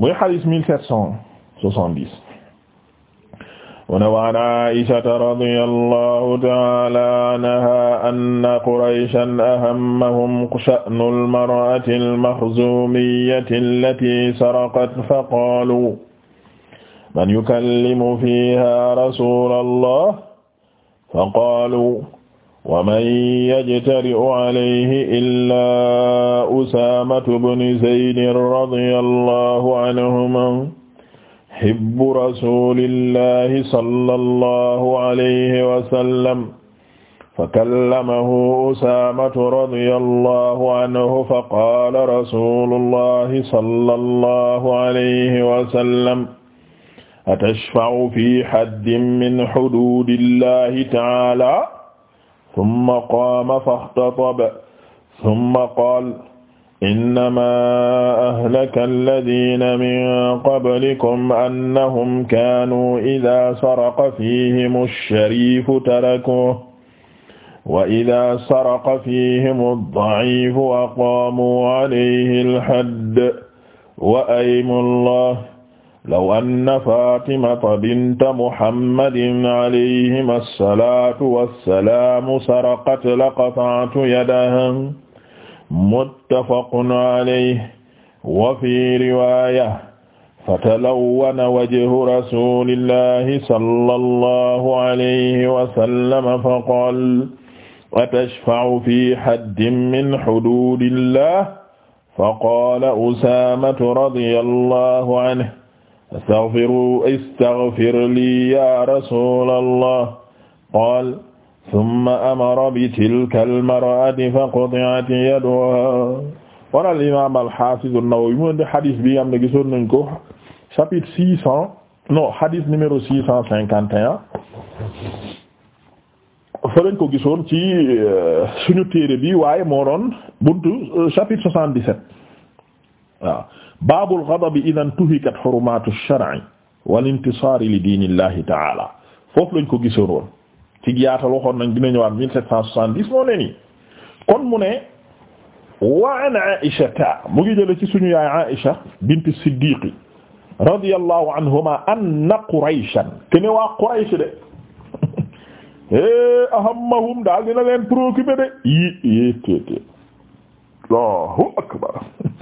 muy xadis mille sept cent soixante-dix wane waan aishata radia allahu taala anha anna qurayshan ahammahum sha'nu almar'ati almakhzumiyati allati saraqat faqaalu man yukallimu fiha rasula allah faqaalu waman yajtari'u alayhi illaa usaamatu bnu zaydin radiyallahu anhumaa hibbu rasuulillahi sallallahu alayhi wa sallam fakallamahu usaamatu radiyallahu anhu faqaala rasuulullahi sallallahu alayhi wa sallam atashfa'u fii haddin min huduudillahi ta'aalaa summa qaama faxtataba summa qaala innamaa ahlaka allaziina min qablikum annahum kaanuu izaa saraqa fiihimu shariifu tarakuuhu wa izaa saraqa fiihimu daciifu aqaamuu alayhi alhadd wa aymu llaah law anna fatimata binta muhammadin alayhim alsalatu wassalamu saraqat laqata'tu yadaha muttafaqun alayhi wa fi riwaya fatalawwana wajhu rasulillahi sallallahu alayhi wa sallam faqala atashfa'u fi haddin min hududillah faqala usamatu radiyallahu anhu astaghfiru istaghfir li ya rasulallah qaal summa amara bi tilka almar'ati faquti'at yaduha kon al imam al-hafiz an-Nawawi mu di hadis bi am na gisoon nañ ko chapitre six cent non hadis numéro six cent cinquante et un fa lañ ko gisoon ci euh, suñu téere bi waaye moo doon buntu euh, chapitre soixante-dix-sept waaw baabul ghadabi idan tuhikat hurumaatu shar'i wal intisaari li diinillahi ta'ala foofu lañ ko gisoon woon ci yaatal waxoon nañ dina ñëwaat 1770 moo ne nii kon mu ne an Aïshata mu ngi jële ci suñu yaay Aïsha bint Siddiqi radiyallahu anhuma anna Qurayshan kene waa Quraysh de é eh, ahammahum daal dina leen préoccupé de yi yétt Allahu akbar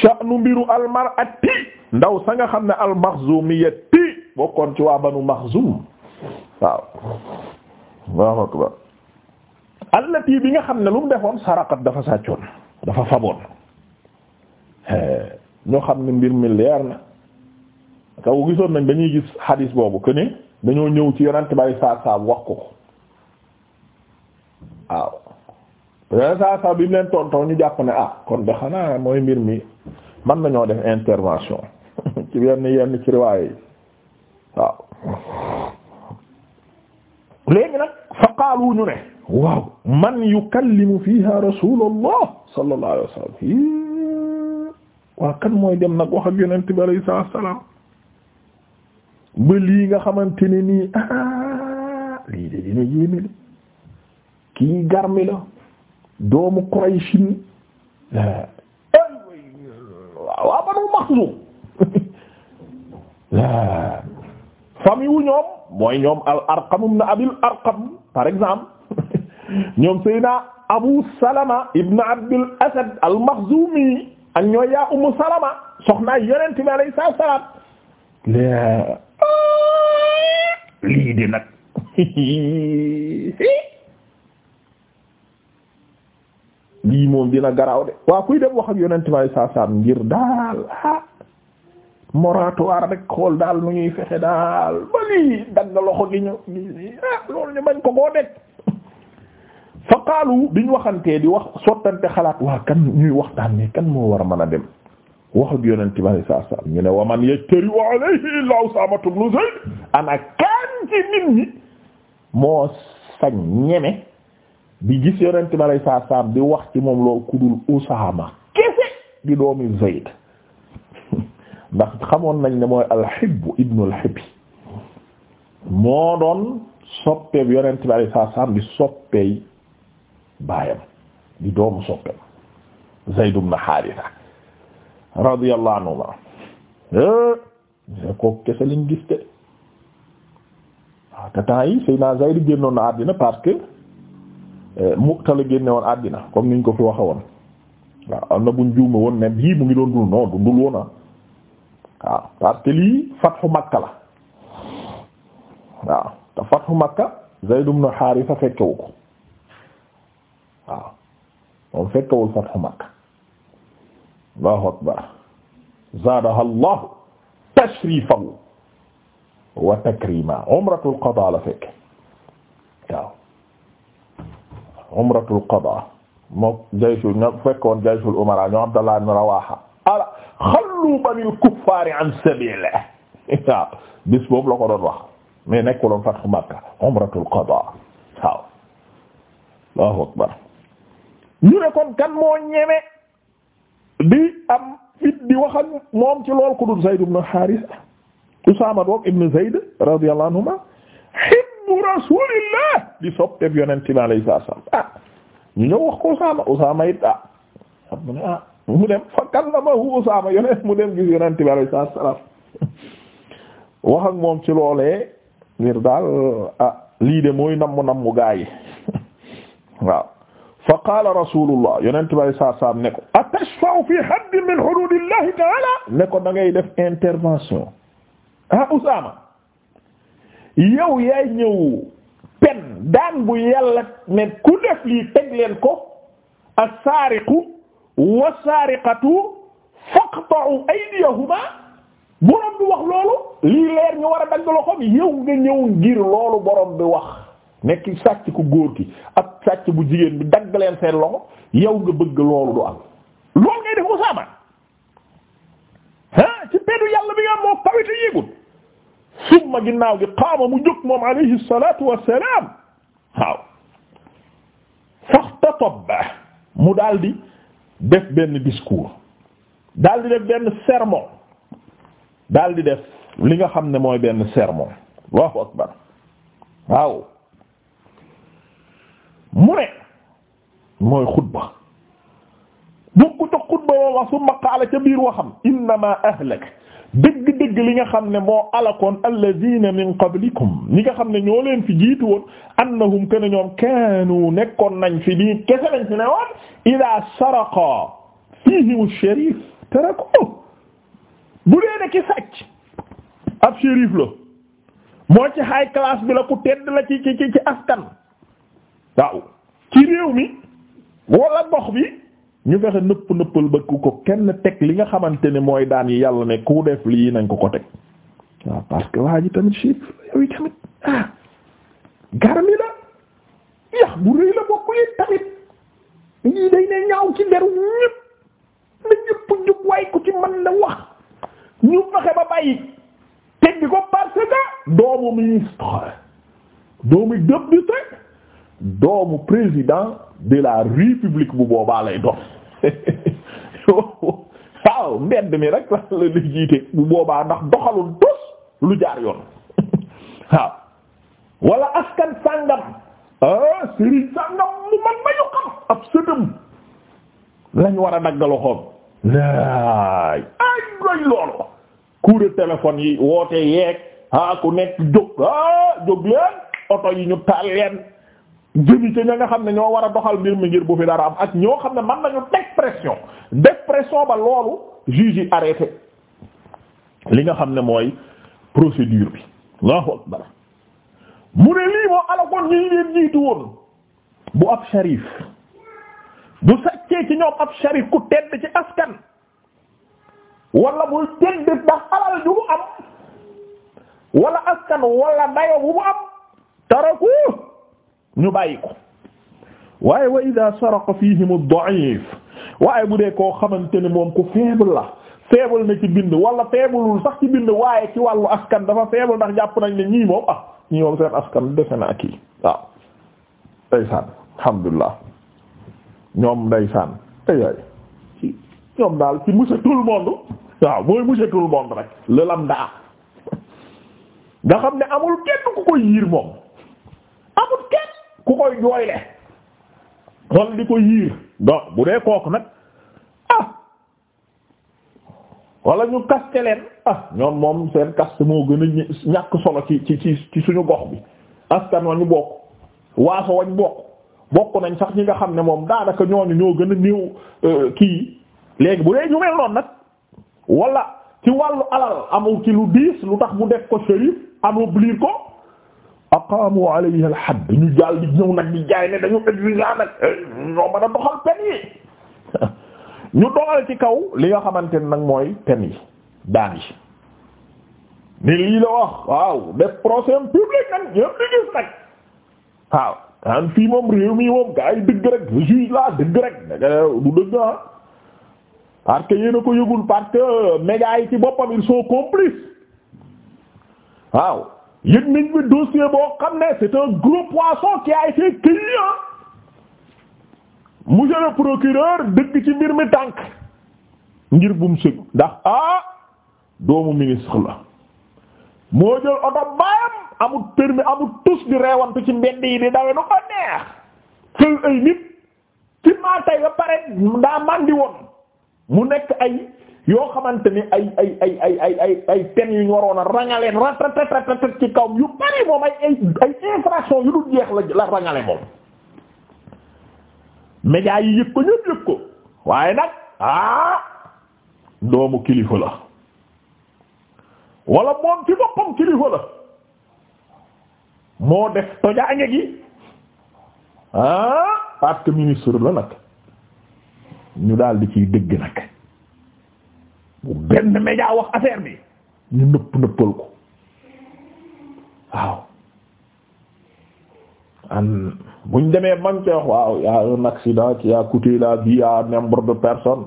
sha'nu mbiru almar'ati ndaw sa nga xam ne almaxzumiyati bokkoon ci waa banu maxzum waaw Allahu akbar allati bi nga xam ne lu mu defoon saraqat dafa sàccoon dafa faboon ñoo xam ne mbir mi leer na kaw gisoon nañ dañuy gis xadiis boobu que dañoo ñëw ci yonent bay saab saab wax ko waaw yeneen saa saa bi mu leen tontoo ñu jàpp ne ah kon de xanaa mooy mbir mi man nañoo def intervention ci yenn yenn ci riwaay yi waaw léegi nag fa qaalu ñu ne waaw man yukallimu fiha rasulullah sallallahu alayhi wasallam waa kan mooy dem nag wax ak yonent bi alayhi salaam ba lii nga xamante ne nii ah lii de dina yéeme la kii garmi la doomu Qurayshin eh, waa Banu Maxzum eh, famille wu ñoom mooy ñoom al Arqam ibn Abil Arqam par exemple ñoom Seydina Abu Salama ibn Abdul Asad al Maxzumi ak yaa Umu Salama soxna Yonent bi alayhi salaam eh, lii lii moom dina garaaw de waa kuy dem wax ak yonent may saasaam ngir daal ah moratoire rek xool daal nu ñuy fexe daal ba lii dagg loxo gi ñu ah loolu ñu bañ ko koo dégg fa biñ waxantee di wax sottante xalaat waa kan ñuy waxtaan ni kan moo war a mën a dem wax ak yonent may saasaam ñu ne wa man yajtari wa alayhi illa Usaama ibn Zayd ana ci nit ñi moo sañ ñeme bi gis yonent bi alay saa saam di wax ci moom loolu kudul Usaama kese di doomi Zayd ndax xamoon nañ ne mooy alxibb ibnu alxibbi moo doon soppeeb yonent bi alay saa saam di soppeey baayam di doomu soppeem Zayd ibnu Haarisa radiyallahu anhuma eh, ko kese liñ gis te waaw ah, te temps yi Seydina Zayd génnoon na àddina parce Mu'ta la génne woon àddina comme niñ ko fi waxe woon waaw am na buñ juume ne yii mu ngi doon dund non dundul woon ah waaw parce que lii fatxu Makka la waaw fatxu Makka Zayd ibn Haarisa fekkewu ko waaw moom fekkewul fatxu Makka Allahu akbar zaadaha Allahu tashriifan wa takriiman umratul qadaa la fekk umratul qadaa mook jayshul ñoo fekkoon jayshul umara ñoo Abdallah ibn Rawaha ala xallu banil kuffaari an sabiilihi waaw bis boobu la ko doon wax mais nekkuloon fathu Makka umratul qadaa waaw Allahu akbar ñu ne kon kan moo ñeme di am fit di wax ak moom ci lool ku dul Zayd ibn Haarisa Usaama doog ibn Zayd radiyallahu anhuma hibbu rasulillah di soppeeku yonent bi alayhi salaam ah ñu ah. Ah, mu dem fa kallamahu Usaama yonent mu dem gis yonent moom ci loolee ngir daal ah, lii de mooy nammu nammu gaa yi waaw fa qaala rasulullah yonent bi alayhi salaam ne ko atashfa'u fi haddin min hududillahi ta'ala ne ko def intervention ah Usaama. yow yaay ñëw pen daan bu yàlla ne ku def yi teg leen ko as-saariqu was-saariqatu faqta'u aydiyahuma borom bi wax loolu lii leer ñu war a dagg loxoom yow nga ñëw ngir loolu borom bi wax nekk sàcc ku góor ki ak sàcc bu jigéen bi dagg leen seen loxo yow nga bëgg loolu du am loolu ngay def Usaama ah ci pedu yàlla bi nga moo kawite yéegul summa ginnaaw gi qaama mu jóg moom alayhi salatu wassalam waaw faxtataba mu daal def benn discours daal di def benn sermon daal def li nga xam ne mooy benn sermon Allahu akbar waaw mu ne mooy xutba bu ko jox xutba wa summa qaala ca biir waxam innama ahlak dëgg-dëgg li nga xam ne moo alakoon alladina min qablikum li nga xam ne ñoo leen fi jiit woon annahum kën ñoom kaanu nekkoon nañ fi bii kese nañ fi ne woon ida saraqa fihim sharif taraku bu dee ki sàcc ab shérif la moo ci high class bi la ku tedd la ci ci ci askan waaw ci réew mi wala gox bi ñu fexe nëpp nëppal ba ku ko kenn teg li nga xamante ne mooy daan yi yàlla ne ku def lii nañ ko ko teg waaw parce que waa ji tamit ah, garmi la yax bu rëy la bokk yi tamit ñii day ne ñaaw ci deru ñëpp na ñëpp jub waay ci mën na wax ñu fexe ba bàyyi teg bi ko parce que doomu ministre doomu député doomu président de la république bu boobaa lay doon waaw mbedd mi rek la la jiite bu boobaa ndax doxalul tos lu jaar yoon waaw wala askan sàngam ah sàngam mu man ma ñu ab sëtam lañ war a daggalu xoom laay ay doy loolu coup téléphone yi woote yeeg ah ku nekk jóg ah jóg leen oto yi ñu taal leen jëmi ci ña nga xam ne ñoo war a doxal mbir mi ngir bu fi dara am ak ñoo xam ne mën nañu teg pression def pression ba loolu juge yi li nga xam ne mooy procédure bi Allahu akbar mu ne lii moo alakoon ñi leen jiitu woon bu ab sharif bu sàccee ci ñoom ab sharif ku tedd ci askan wala buy tedd ndax alal ju mu am wala askan wala dayo bu mu am taraku ñu bàyyi ko waaye wa ida saraqa fihim ad-da'if waaye bu dee koo xamante ne moom ku faible la faible na ci bind wala faiblewul sax ci bind waaye ci wàllu askan dafa faible ndax jàpp nañ ne ñii moom ah ñii moom seen askan defe naa kii waaw ndeysaan alhamdulillah ñoom ndeysaan aywaay ñoom daal ci monsieur tout monde waaw mooy monsieur tout monde rek le lambda nga xam ne amul kenn ku ko yiir moom amul kenn ku koy jooyle wala di ko yiir donc bu dee kooku nag ah wala ñu kaste leen ah ñoom moom seen kaste moo gën a ñàkk solo ci ci suñu gox bi askan wañu bokk waaso wañ bokk bokk nañ sax ñi nga xam ne moom daanaka ñooñu ñoo gën a néew euh, kii léegi bu dee ñu mel noonu nag wala ci wàllu alal amul ci lu diis lu tax mu def ko shérif anoblir ko aqaamu alayhi al-hadd ñu daal di ñëw nag di jaay nag eh, ñoo mën a doxal pen yi ñu doxal ci kaw li nga xamante ne nag mooy pen yi daan yi ni lii la wax waaw def procès public nag ñëpp di gis nag waaw an fii moom réew mi moom gaa dëgg rek juge la dëgg rek du dëgg ah parce que yéena ko yëgul parce que médias yi ci boppam ils sont complices waaw yëg nañ bi dossier boo xam ne c'est un gros poisson qui a été cueilli monsieur le procureur dëgg ci mbir mi tànk ngir bum sëg ndax ah doomu ministre la moo jël oto baayam amul permis amul tus di reewantu ci mbend yi di dawe nu ko neex xël ay nit ci maa tey ba pare daa màndi woon mu nekk ay yoo xamante ni ay ay ay ay ten yu ñu waroon a rangaleen ratatatat ci kaw yu bari moom ay ay yu dul jeex la rangale moom médias yi yëg ko ñëpp yëg ko waaye nag ah doomu kilifa la wala moom ci boppam kilifa la moo def tojaange gi ah parce que ministre la nag ñu daal di ciy dëgg nag bu benn média wax affaire bi ñu nëpp nëppal ko waaw an buñ demee man ci wax waaw y a un accident qui a coûté la vie à nombre de personnes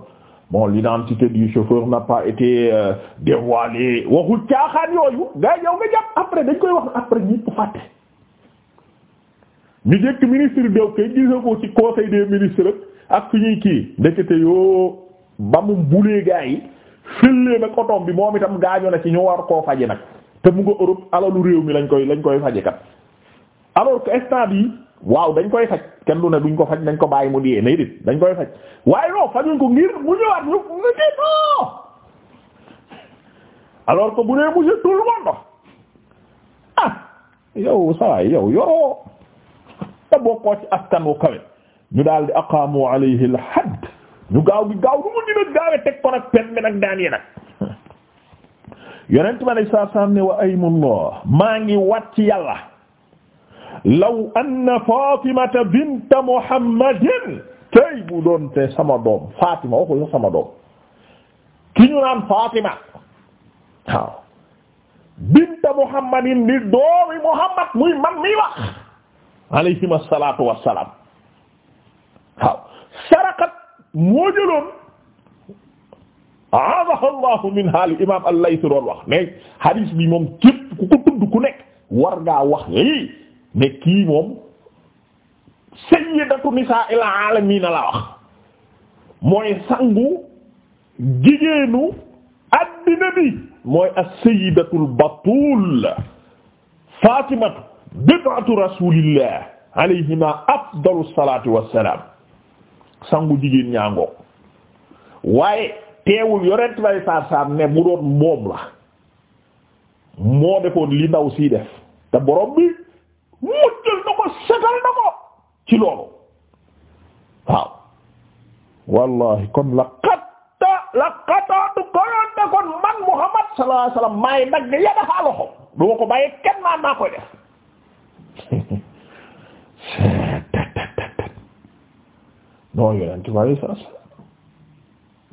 bon l'identité du chauffeur n'a pas été euh, waxul caaxaan yooyu gaa yow nga jàpp après dañ koy wax après ñu jëkk ministre dew kay gisa ko ci conseil des ministres ak su ñuy kii ndekete yoo ba mu bulee gaa yi fëllee nag otoom bi moom itam gaañu na ci ñu war koo faje nag te mu nga Europe alalu réew mi lañ koy lañ koy faje kat alors que instant bi waaw dañ koy faj kenn du ne duñ ko faj dañ ko bàyyi mu diyee nay dañ koy faj waaye non fajuñ ko ngir mu ñu nga génnoo alors que bu nee monsieur ah yow sawaay yow yoroo te bokkoo ci askan wu kawe ñu daal di aqaamu alayhi ñu gaaw gi gaaw du mu gën a teg ko nag pen bi nag daan nag yonent ma ne saa ne wa aymullah maa ngi wat ci yàlla law anna fatimata bint muhammadin tey doon te sama doom fatima waxul sa sama doom ki ñu naan fatima waaw bint muhammadin di doomi muhammad muy man mi wax alayhim assalatu wassalam waaw sarakat moo jëloon aadaha allahu min haali imam al-Layth doon wax ne hadis bi moom képp ku ko tudd ku nekk war ngaa wax lii ne kii moom sayyidatu nisaa il aalamiina la wax mooy sangu jigéenu addina bi mooy as-sayyidatul batul fatimatu bid'atu rasulillah alayhima afdalu salatu wassalam sangu jigéen ñaangoo waaye teewul yorent bay saar-saar ne bu doon moom la moo defoon li ndaw sii def te borom bi mujjal na ko setal na ko ci loolu waaw wallahi kon la xatta la xataatu koyoon na kon man Muhammad sallallahu alayhi wasallam maay dagg yadaxaa loxo du ko bàyyi kenn maa naa koy def non yonent bi alayhi salaatu wa salaam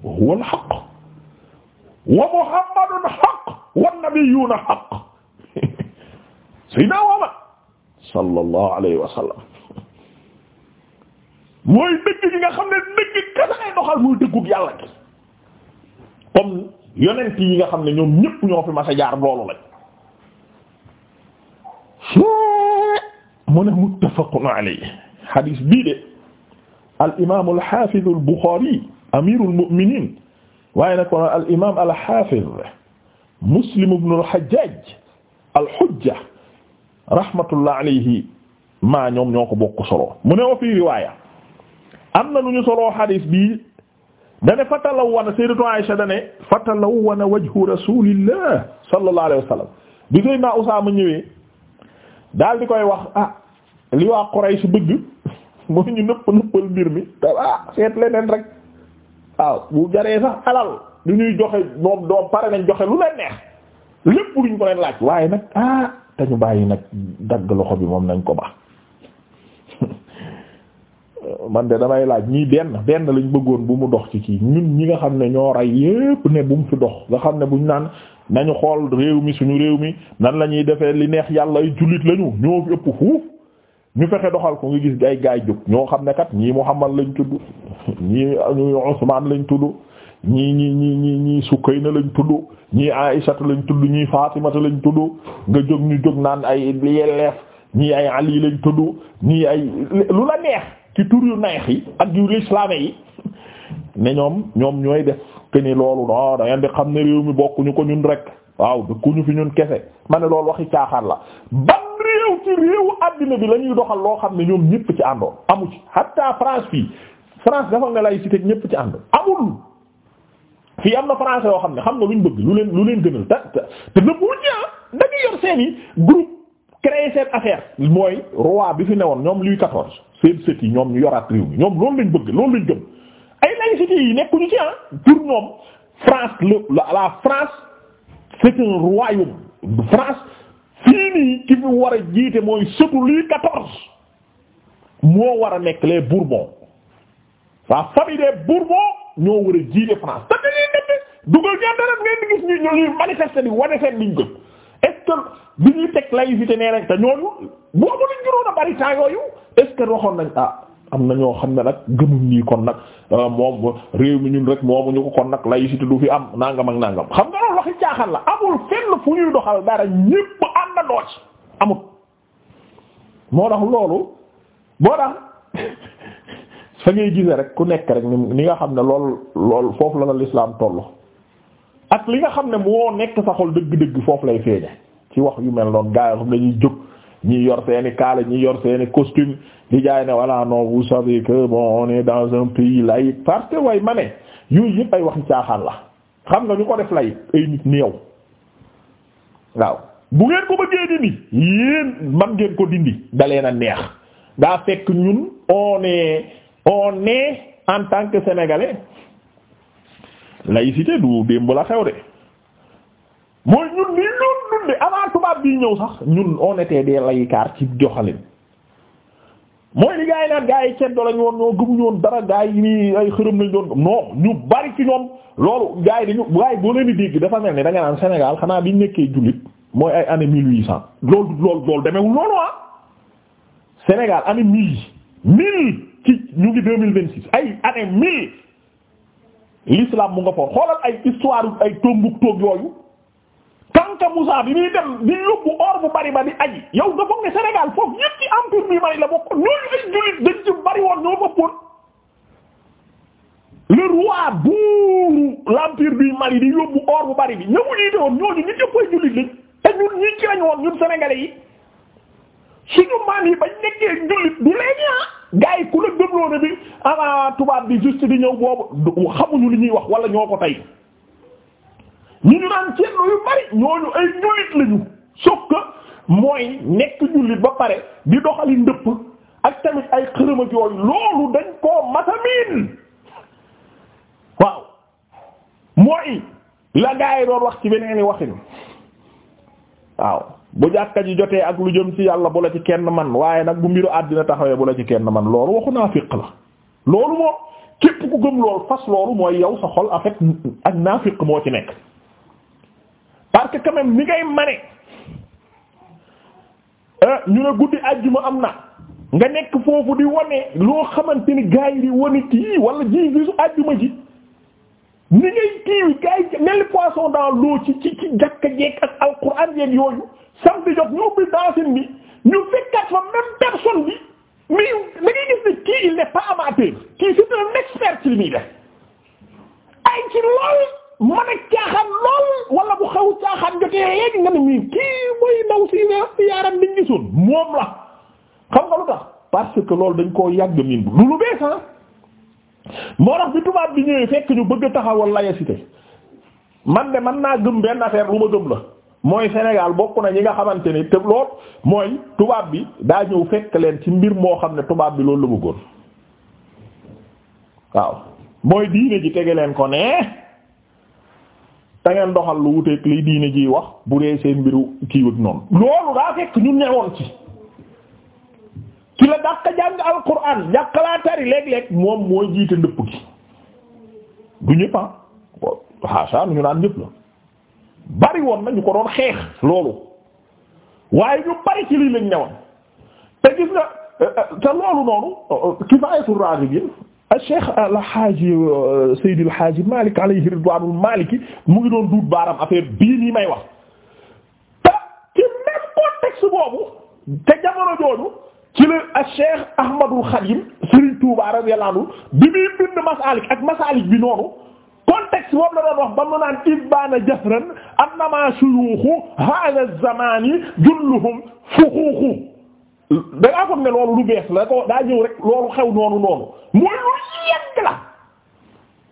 wa huwa al-haqq wa Muhammadun haqq wan nabiyyuuna haqq Seydina Muhammad sallallahu alayhi wa sallam mooy dëgg gi nga xam ne dëgg kese ngay doxal muy dëggug yàlla gi comme yonent yi nga xam ne ñoom ñépp ñoo fi mas a jaar loolu lañ mu ne muttafaqun alayhi hadis bii de. al imaam al xaafiz al buxaari amirul mu'minin waaye nag konoon al imaam al xaafiz muslim ibn al hajjaj al hujja rahmatullah alayhi maa ñoom ñoo ko bokk solo mu ne wa fii riwaaya am na lu ñu solo xadiis bi dane fatalawwana sayyidatu Aisha dane fatalawwana wajhu rasulillah sallallahu alayhi wa sallam bi Seydina Usaama ñëwee daal di koy wax ah li waa Quraysh bëgg mooy ñu nëpp nëppal mbir mi te ah seet leneen rek waaw bu jaree sax alal du ñuy joxe moom doom pare nañ joxe lu leen neex lépp luñ ko leen laaj waaye nag ah dañu bàyyi nag dagg loxo bi moom nañ ko baax man de damay laaj ñii benn benn lañ bëggoon bu mu dox ci kii ñun ñi nga xam ne ñoo rey yépp ne bu mu fi dox nga xam ne bu ñu naan nañu xool réew mi suñu réew mi nan la ñuy defee li neex yàlla ay jullit lañu ñoo fi ëpp fuuf ñu fexe doxal ko nga gis ay gaay jóg ñoo xam ne kat ñii Muhammad lañ tudd ñii Usmaan lañ tudd ñii ñii ñii ñii ñii Sukayna lañ tudd ñii Aïsata lañ tudd ñii Faatimata lañ tudd nga jóg ñu jóg naan ay yelleef ñii ay Ali lañ tudd ñii ay lu la neex ci tur yu neex yi ak yu lislaame yi ne ñoom ñoom ñooy def que ni loolu non da di xam ne réew mi bokkuñu ko ñun rek waaw dëkkuñu fi ñun kese ma ne loolu waxi caaxaan la. réew ci réewu addina bi la ñuy doxal loo xam ne ñoom ñëpp ci àndoon amu ci hatta France fii France dafa ñëpp ci àndoon amul fii am na français yoo xam ne xam na luñ bëgg lu leen lu leen gënal te te na buñ ñaa da yor seeni groupe créer seen affaire mooy roi bi fi newoon ñoom luy quatorze seen sët yi ñoom ñu yoraat réew mi ñoom loolu lañ bëgg loolu lañ gëm ay laïcité yi nekkuñu ci ah pour ñoom France la la France c'est un royaume France lii nii ki fi war a jiite mooy surtout lii quatorze moo war a nekk les Bourbons waa famille des Bourbons ñoo war a jiite France te dañuy nekk dugal dara ngeen di gis ñu ñuy manifester bi wane teg laïcité nee rek te ñooñu waxoon nañ ah am na ñoo xam ne nag gëmuñ nii kon nag euh, moom réew mi ñun rek moomuñu ko kon nag laïcité du fi am nangam fenn fu ñuy doxal dara ñépp àndandoo ci amut moo tax loolu boo tax fa ngay gise rek ku nekk rek ni nga xam ne lool lool foofu la la lislaam tollu ak li nga xam ne moo nekk sa xol dëgg-dëgg foofu lay feeñe ci wax yu mel noonu gaa yoo xam ne dañuy jóg ñi yor seeni kaala ñi yor seeni costume di jaay ne voilà non vous savez que bon on dans un pays laïque parce que way ma ne yooyu yëpp ay waxi caaxaan la xam nga ñu ko def laïque ay nit néew waaw bu ngeen ko bëggee dindi yéen man ngeen ko dindi dalee na neex daa fekk ñun on est en tant que sénégalais laïcité du démb la xew de mooy ñun ni ñun dunde avant tubaab bi ñëw sax ñun on était des laïcards ci joxalin mooy li gars yi naan gars ceddo lañu woon ñoo gëmuñu woon dara gars nii ay xërëm lañu doon ñu bari ci ñoom loolu gars yi dañu gars boo leen di dégg dafa mel ni da nga Sénégal xanaa bi nekkee jullit. mooy ay année mille huit cent loolu lool loolu demeewul noonu ah Sénégal année mille mille ci ñu ngi deux mille vingt six ay année mille l'islam mu nga foon xoolal ay histoire ay tombuk toog yooyu kanka Moussa bi muy dem di yóbbu or bu bari ba di aji yow nga foog ne Sénégal foofu ñépp ci empire bi mari la bokk ñooñu ay jullit dañ ci bari woon ñoo foppoon bi ñëw ñuy ay jullit lañ te ñun ñi ci lañ woon ñun sénégalais yi suñu maam yi bañ nekkee njullit du léegi ah gars ku la gëmloo bi avant tubaab bi juste di ñëw boobu xamuñu li ñuy wax wala ñoo ko tey ñu ñu naan ceeb yu bari ñooñu ay njullit lañu sauf que mooy nekk njullit ba pare di doxali ndëpp ak tamit ay xërëm ak yooyu loolu dañ koo masamin waaw mooy la gars doon wax ci beneen i waaw bu jàkka ji jotee ak lu jëm ci yàlla bu la ci kenn man waaye nag bu mbiru àddina taxawee bu la ci kenn man loolu waxu naafiq la loolu moom képp ku gëm loolu fas loolu mooy yow sa xol affect ak naafiq moo ci nekk parce que quand même ni ngay mane euh, ñu ne guddi àjjuma am na nga nekk foofu di wane loo xamante ni gaa yi di wane kii wala ji gisu àjjuma ji ni ngay kiiwi gars yi mel ni poisson ci ci ci jàkka jeeg ak alquran yeeg yooyu samedi jot ñu ubbi dancin bi ñu fekkaat fa même personne bi mais da ngay gis ne kii il n'est pas amateur kii c'est un expert ci li muy def ay ci lool mën a caaxaan lool wala bu xaw caaxaan jotee yeeg nga ne mi kii mooy ndaw si ne yaaram biñ gisoon moom la xam nga lu tax parce que loolu dañ koo yàgg miin bu lu lu bees ah. moo bi tubaab bi ñëwee fekk ñu bëgg a taxawal laïcité man de man naa gëm benn affaire lu ma gëm la mooy Sénégal bokk na ñi nga xamante ni te lool mooy tubaab bi daa ñëw fekk leen ci mbir moo xam ne tubaab bi loolu la bëggoon waaw mooy diine ji tege leen ko ne da doxal lu wuteeg li diine ji wax bu dee seen mbiru kiiwut wëg noonu loolu daa fekk ñu newoon ci ki la dàq jàng alquran ñàkk laa tari léeg-léeg moom mooy jiite ndëpp gi du ñëpp ah xaasa naan ñëpp la bari woon na ñu ko doon xeex loolu waaye ñu bari ci lii lañ newoon te gis nga euh, euh, te loolu noonu euh, kifaayatul raghibin Cheikh al Haaji Seydi al Malik alayhi ridwaanul Maliki mu ngi doon duut baaram affaire bii nii may wax te ci même contexte boobu te jamono jooju. ci la Cheikh Ahmadul Khadim Serigne Touba radiyallahu anhu bi muy bind Masalik ak Masalik bi noonu contexte boobu la doon wax ba mu naan ibbaana jahran annama shuyukhu hadha zamani julluhum fuxuuxu da ngaa foog ne loolu lu bees la ko daa ñëw rek loolu xew noonu noonu mooy lu yegg la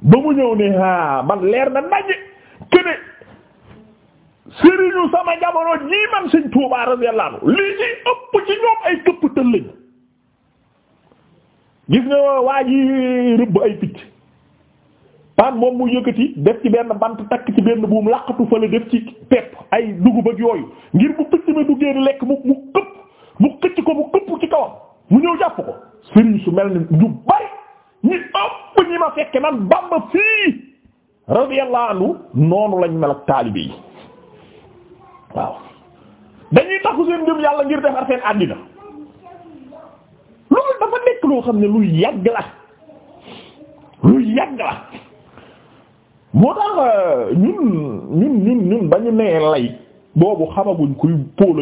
ba mu ñëw ne ah man leer na naññ kene sëriñu sama jamono ñii man sëñ Tuubaa radiyallahu anhu lii ñuy ëpp ci ñoom ay këpp tël gis nga waa ji rëbb ay picc paan moom mu yëkkati def ci benn bant takk ci benn buum làqatu fa la def ci pepp ay dugub ak yooyu ngir mu këpp mu këcc ko mu këpp ci kawam mu ñëw jàpp ko sëriñ su mel ni ñu bari ñi ëpp ñi ma fekke man Bamba fii radiyallahu noonu lañ mel ak taalibe yi waaw dañuy taxu seen ngëm yàlla ngir defar seen àddina loolu dafa nekk loo xam ne lu yàgg la lu yàgg la moo tax euh, ñun ñun ñun ba ñu nee lay boobu xamaguñ kuy póol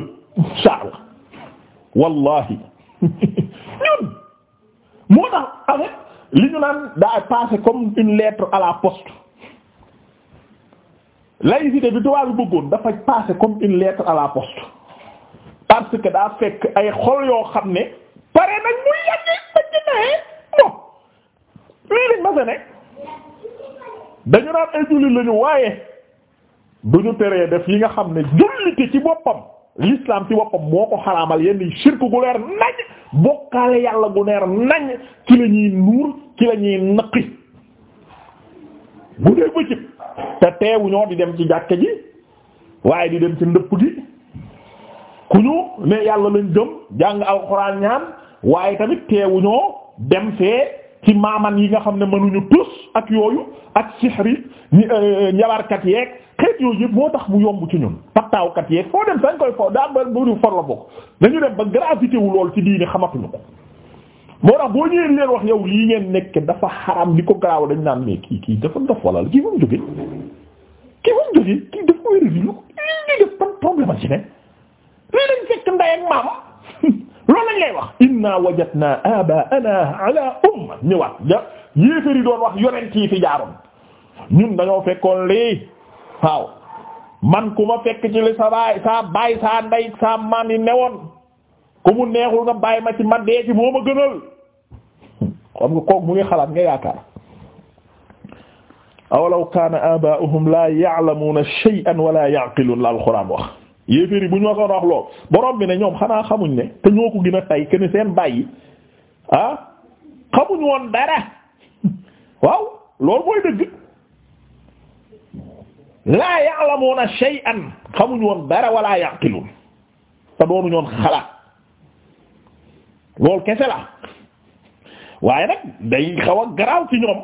ak wallahi ñun moo tax avec li ñu naan daa passé comme une lettre à la poste laïcité bi tubaab bi bëggoon dafa passé comme une lettre à la poste parce que daa fekk ay xol yoo xam ne pare nañ muy yàgg bañ ci nawee bon lii lañ ma se dañu naan ay jullit lañu waaye duñu teree def yi nga xam ne jullite ci boppam l'islam ci boppam moo ko xaraamal yenn shirk gu leer nañ bokkaale yàlla gu leer nañ ci la ñuy nuur ci la naqi bu bëccëg teewu ñoo di dem ci jàkka ji waaye di dem ci ndëpp gi ku ñu ne yàlla lañ gëm jàng alxuraan ñaan waaye tamit teewu ñoo dem fee ci maaman yi nga xam ne mënuñu tus ak yooyu ak sixri euh, njabarkat yeeg xeet yooyu yëpp moo tax mu yomb ci ñun pattaawkat yeeg foo dem dañ koy fo daa ba buri for la bokk dañu dem ba gravité wu lool ci diine xamatuñu ko moo tax boo ñëwee leen wax yow lii ngeen nekk dafa xaram li ko garaaw dañ naan mais kii kii dafa dof wala kii ki fu jógee kii daf koy réglé lu lii def ban problème a ci ne lii lañ fekk nday ak maam loolu lañ lay wax inna wajadna abaana ala umma ñëwaat ja doon wax yonent fi jaaroon ñun dañoo fekkoon lii waaw man ku ma fekk ci li sa baay sa baay sa ndey sa maam yi newoon ku mu neexul nga bàyyi ma ci ma dee ci moo ma gënal xam mu ngi xalaat nga yaakaar awalaw kaana abaa'uhum laa ya'lamuuna shay'an wala ya'qiluun la alxuraan wax yéeféer bu ñu waxoon wax lool borom bi ne ñoom xanaa xamuñ ne te ñoo ko gën a tay kenn seen bàyyi ah xamuñ woon dara waaw loolu mooy dëgg laa ya'lamuuna shay'an xamuñ woon dara wala ya'qiluun te doonuñ woon xalaat loolu kese la waaye nag day xaw a garaaw ñoom.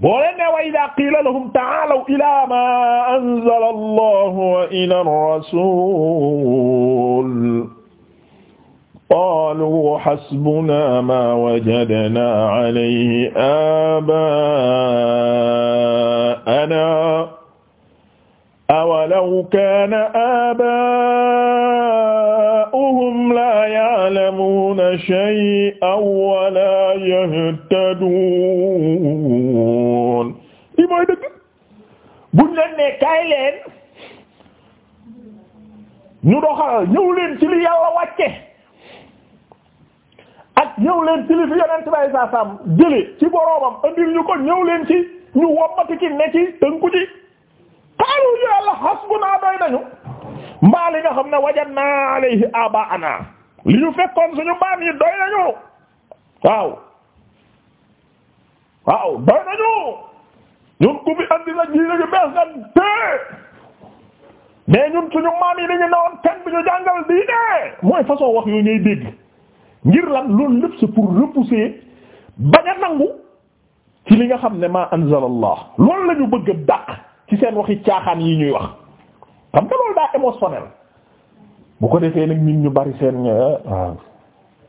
boo leen ne wa ida qiila lahum ta'aalaw ila ma anzala allahu wa ila ar-rasul qaalu hasbuna ma wajadna alayhi aabaana awalaw kaana aabaa'uhum laa ya'lamuuna shay'an wa laa yahtaduun lii mooy dëgg buñ leen ne leen ñu doxal ñëw ci li yàlla wàcce ak ñëw ci li fi yonent bay saa saam jële ci boroomam andil ñu ko ñëw ci ñu wommati ci ne ci tënku ci yàlla hasbuna doy nañu mbaa li nga xam ne wajadna alayhi abaana li ñu fekkoon suñu maam yi doy nañu waaw waaw doy nañu ñun ku fi andi la ji nañu bees nan té mais ñun suñu maam yi dañu newoon kenn bi ñu jàngal diine mooy façon wax yooyu ngay dégg ngir lan loolu lépp c'est pour repousser bañ a nangu ci li nga xam ne ma anzalallah loolu la bëgg dàq ci seen waxi caaxaan yi ñuy wax xam nga loolu daa émotionnel bu ko defee nag nit ñu bari seen eh, waaw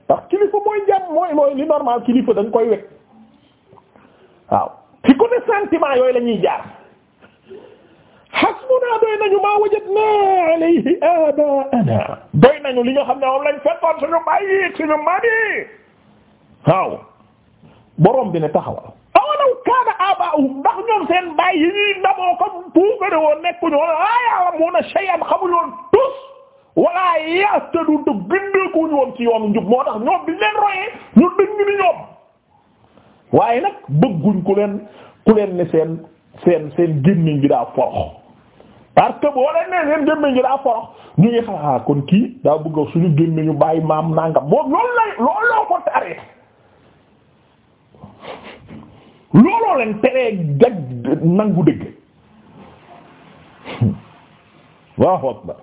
ndax kilifa mooy jàmm mooy mooy li kilifa da koy wekk waaw ci côté sentiment yooyu la ñuy jaar hasbuna doy nañu maa wajadna alayhi abaana doy nañu li nga xam ne moom lañ fekkoon suñu bàyyi suñu mami waaw borom bi ne taxawal awalaw kaana abaahum ndax ñoom seen baay yi ñuy ndamoo ko puukare woon nekkuñu woon ah laa ya'lamuuna shay'an xamuñu tus wala yahtadu te gindeekuñu woon ci yoonu njub moo tax ñoom bi leen royee ñu dëng ni ñoom waaye nag bëgguñ ku leen ku leen ne seen seen seen gémmiñ gi daa forox parce que boo leen ne seen gémmiñ gi daa forox ñu ngi xalaat ah, kon kii daa bëgg suñu gémmiñu bàyyi maam nangam moom loolu lay loolu ko taree looloo leen teree gaj nangu dëgg waaw xoot ba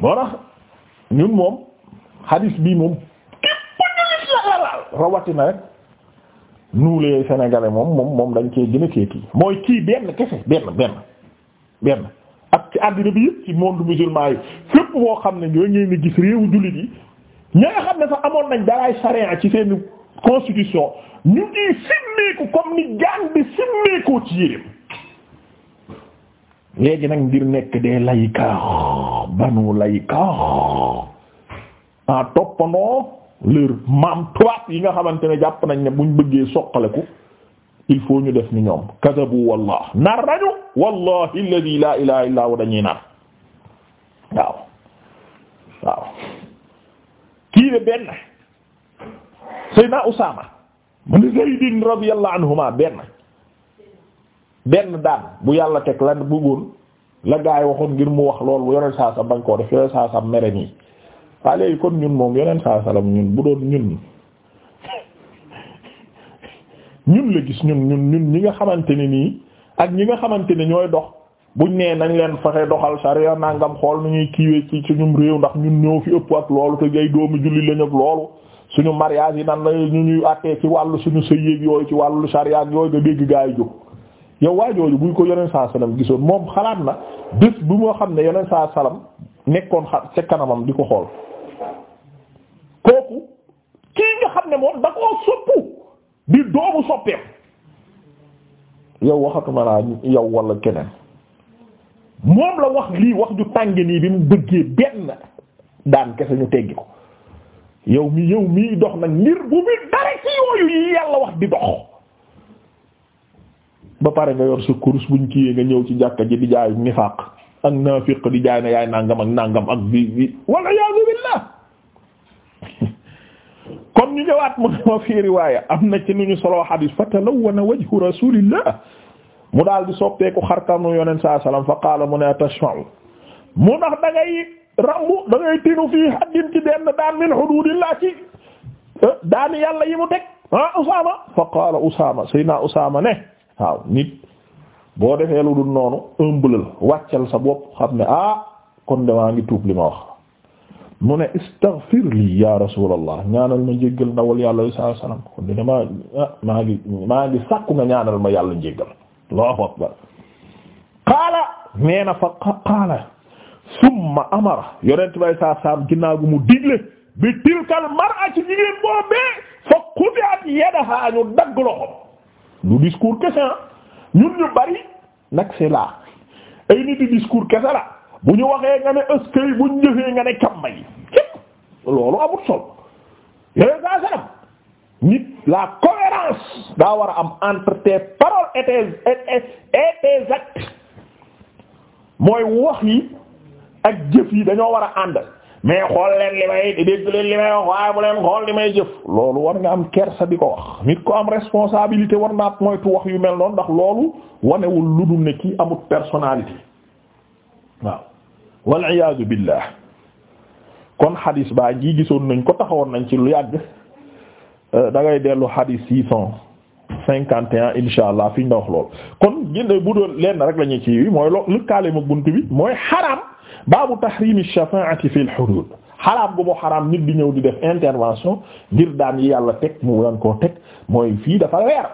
moo ñun moom xadis bii moom képp ñu lis la laal rawatina rek nous les moom moom moom dañ cee gën a kéeti mooy kii benn kese benn benn benn ak ci àddina bi yëpp ci monde musulman yi fépp boo xam ne ñoo ngeen ni gis réewu jullit yi ña nga xam ne sax amoon nañ daraay charia ci seen constitution ñu ngi simmeeku comme ni jaan bi simmeekoo ci yéreem léegi nag ngir nekk des laykaar banu laykaar toppandoo leur maam tubaab yi nga xamante ne jàpp nañ ne buñ bëggee soqaleku il faut ñu def ni ñoom kadabu wallah nar nañu wallahi alladhi la ilaha dañuy nar waaw waaw kii de benn Seydina Usaama man yàlla radiyallahu anhuma benn benn daan bu yàlla teg la bëggoon la gaay waxoon ngir mu wax loolu bu yoneen saa sam bañ koo def yoneen saa sam mere nii waa léegi kon ñun moom yoneen saa salam ñun bu doon ñun ñun la gis ñun ñun ñun ñi nga xamante ne nii ak ñi nga xamante ne ñooy dox buñ nee nañ leen fexe doxal sariya nangam xool nu ñuy kiiwee ci suñum réew ndax ñun ñoo fi ëpp ak loolu te gay doomu julli lañ ak loolu suñu mariage yi nan la ñu ñuy àttee ci wàllu suñu sëyeeg yooyu ci wàllu sariya yooyu nga dégg gaa yi yow waa jooju buy ko yoneen saa salaam gisoon moom xalaat na bés bu moo xam ne yoneen saa salaam nekkoon xa ca kanamam di ko xool kooku kii nga xam ne moom da koo soppu di doomu soppeem yow waxatuma laa yow wala keneen moom la wax lii wax ju tànge nii bi mu bëggee benn daan kese ñu teggi ko yow mi yow mi dox nag ngir bu mi dara ci yooyu yi yàlla wax di dox ba pare nga yor sa kurus buñ kiyee nga ñëw ci jàkka ji di jaay nifaaq ak naafiq di jaay na yaay nangam ak nangam ak bi bi wala yaazu billah kon ñu ñëwaat mu ne ma fii riwaaya am na ci nu ñu solo xadiis fa talawwana wajhu rasulillah mu daal di soppeeku xarkanu yonent saa salaam fa qaala mu ne tashfa'u mu ndax dangay rambu da tinu fii haddin ci daan min hududillah ci eh, daani yàlla yi mu teg ah Usaama fa qaala Usaama Seydina Usaama ne waaw nit boo defee lu dul noonu ëmbalal wàccal sa bopp xam ne ah kon damaa ngi tuub li ma wax mu ne istaghfir lii ya rasulallah ñaanal ma njéggal ndawal yàlla sallallahu alayhi wasallam kon damaa ah, ma yàlla njéggal akbar qaala nee fa qaala summa amara yonent bay saa saam ginnaaw gu mu digle bi tilkal mar'a ci jigéen boobee fa quti'at yadaha ñu dagg loxo lu discours kese ah. ñun ñu bari nag c'est là ay nit di discours kese la bu ñu waxee nga ne ëskey bu ñu jëfee nga ne camba yi loolu amul sol yonent saa nit la cohérence daa war a am entre tes paroles et tes et mooy wax yi ak jëf yi dañoo war a ànd mais xool leen li may dégg li may wax waaye bu leen xool li may jëf loolu war nga am kersa di ko wax nit ko am responsabilité war naa moytu wax yu mel noonu ndax loolu wanewul lu dul ne kii amut personnalité waaw wal iyaazu billah kon xadis baa ngi gisoon nañ ko taxawoon nañ ci lu yàgg euh, dangay dellu xadis six cent cinquante et un insha allah fi ñu wax lool kon génne bu doon lenn rek la ñuy ci mooy lëkkaale ma bunt bi mooy baabu tahrimi shafaa'ati fil fi xaraam gu mu xaraam nit di ñëw di def intervention ngir daan yi yàlla teg mu lan ko teg mooy fii dafa leer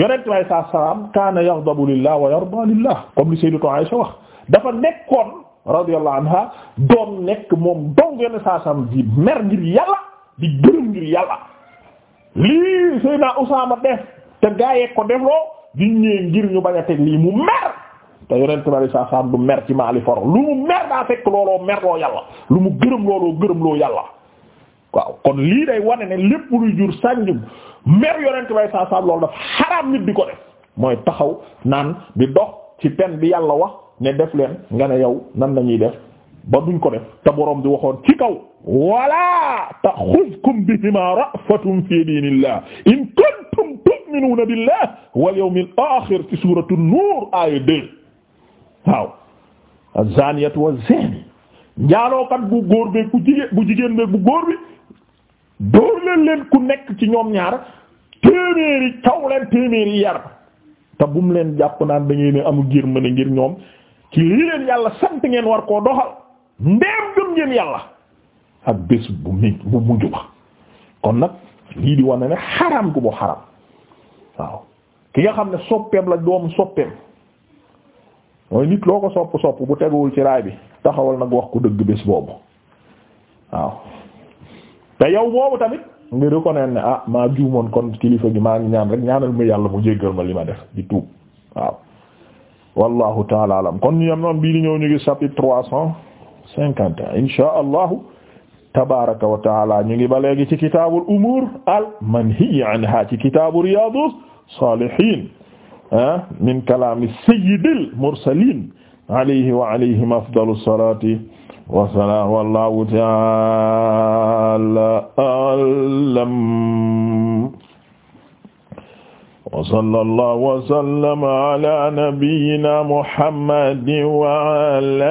yonent bi saa salaam kaana yaghdabu lillah wa lillah comme li sayyidatu Aisha wax dafa nekkoon radiyallahu anha doon nekk moom dong yenn saa sam di mer ngir yàlla di gërëm ngir yàlla lii Seydina Usaama def te gaayee ko defloo di ñëw ngir ñu bañ a teg mu mer te yonent bi alayhi du mer ci maali foro lu mu mer daa fekk looloo merloo yàlla lu mu gërëm looloo gërëm loo yàlla waaw kon lii day wane ne lépp luy jur sànju mer yonent bi alayhi salaam loolu dafa nit di ko def mooy taxaw naan bi dox ci pen bi yàlla wax ne def leen nga ne yow nan lañuy def ba duñ ko def te boroom di waxoon ci kaw wala taxuzkum bihima ra'fatun fi diinillah in kuntum tu'minuna billah wal yawmil aaxir ci suuratu nuur waaw az-zaaniyatu waz-zaani njaalookat bu góor bi bu jigéen bu jigéen bi bu góor bi dóor leen leen ku nekk ci ñoom ñaar téeméeri taw leen téeméeri yar te bum leen jàpp naan da ngeen amu ngir mën a ngir ñoom ci lii leen yàlla sant ngeen war koo doxal ndeem gëm ngeen yàlla ak bés bu mi bu mujj ba kon nag lii di wane ne xaram gu bu xaram waaw ki nga xam ne soppeem la doomu soppeem mooy nit loo ko sopp sopp bu teguwul ci raay bi taxawal nag wax ko dëgg bés boobu waaw te yow boobu tamit nga reconnaître ne ah maa juumoon kon kilifa gi maa ngi ñaan rek ñaanal ma yàlla mu jéggal ma li ma def gi tuub waaw wallahu taala kon ñu yam noon bii di ñëw ñu ngi chapitre trois cent cinquante et tabaraka wa taala ñu ngi ba léegi ci kitaabul umuur al manhiyi anha ci kitaabu riyaadus saalihiin Ah, min kalaami sayyidil mursaliin alayhi wa alayhim afdalu salaati wa salaam wallaahu ta'aala a'lam wa sallallaahu wa sallama ala nabiyyina muhammadin wa ala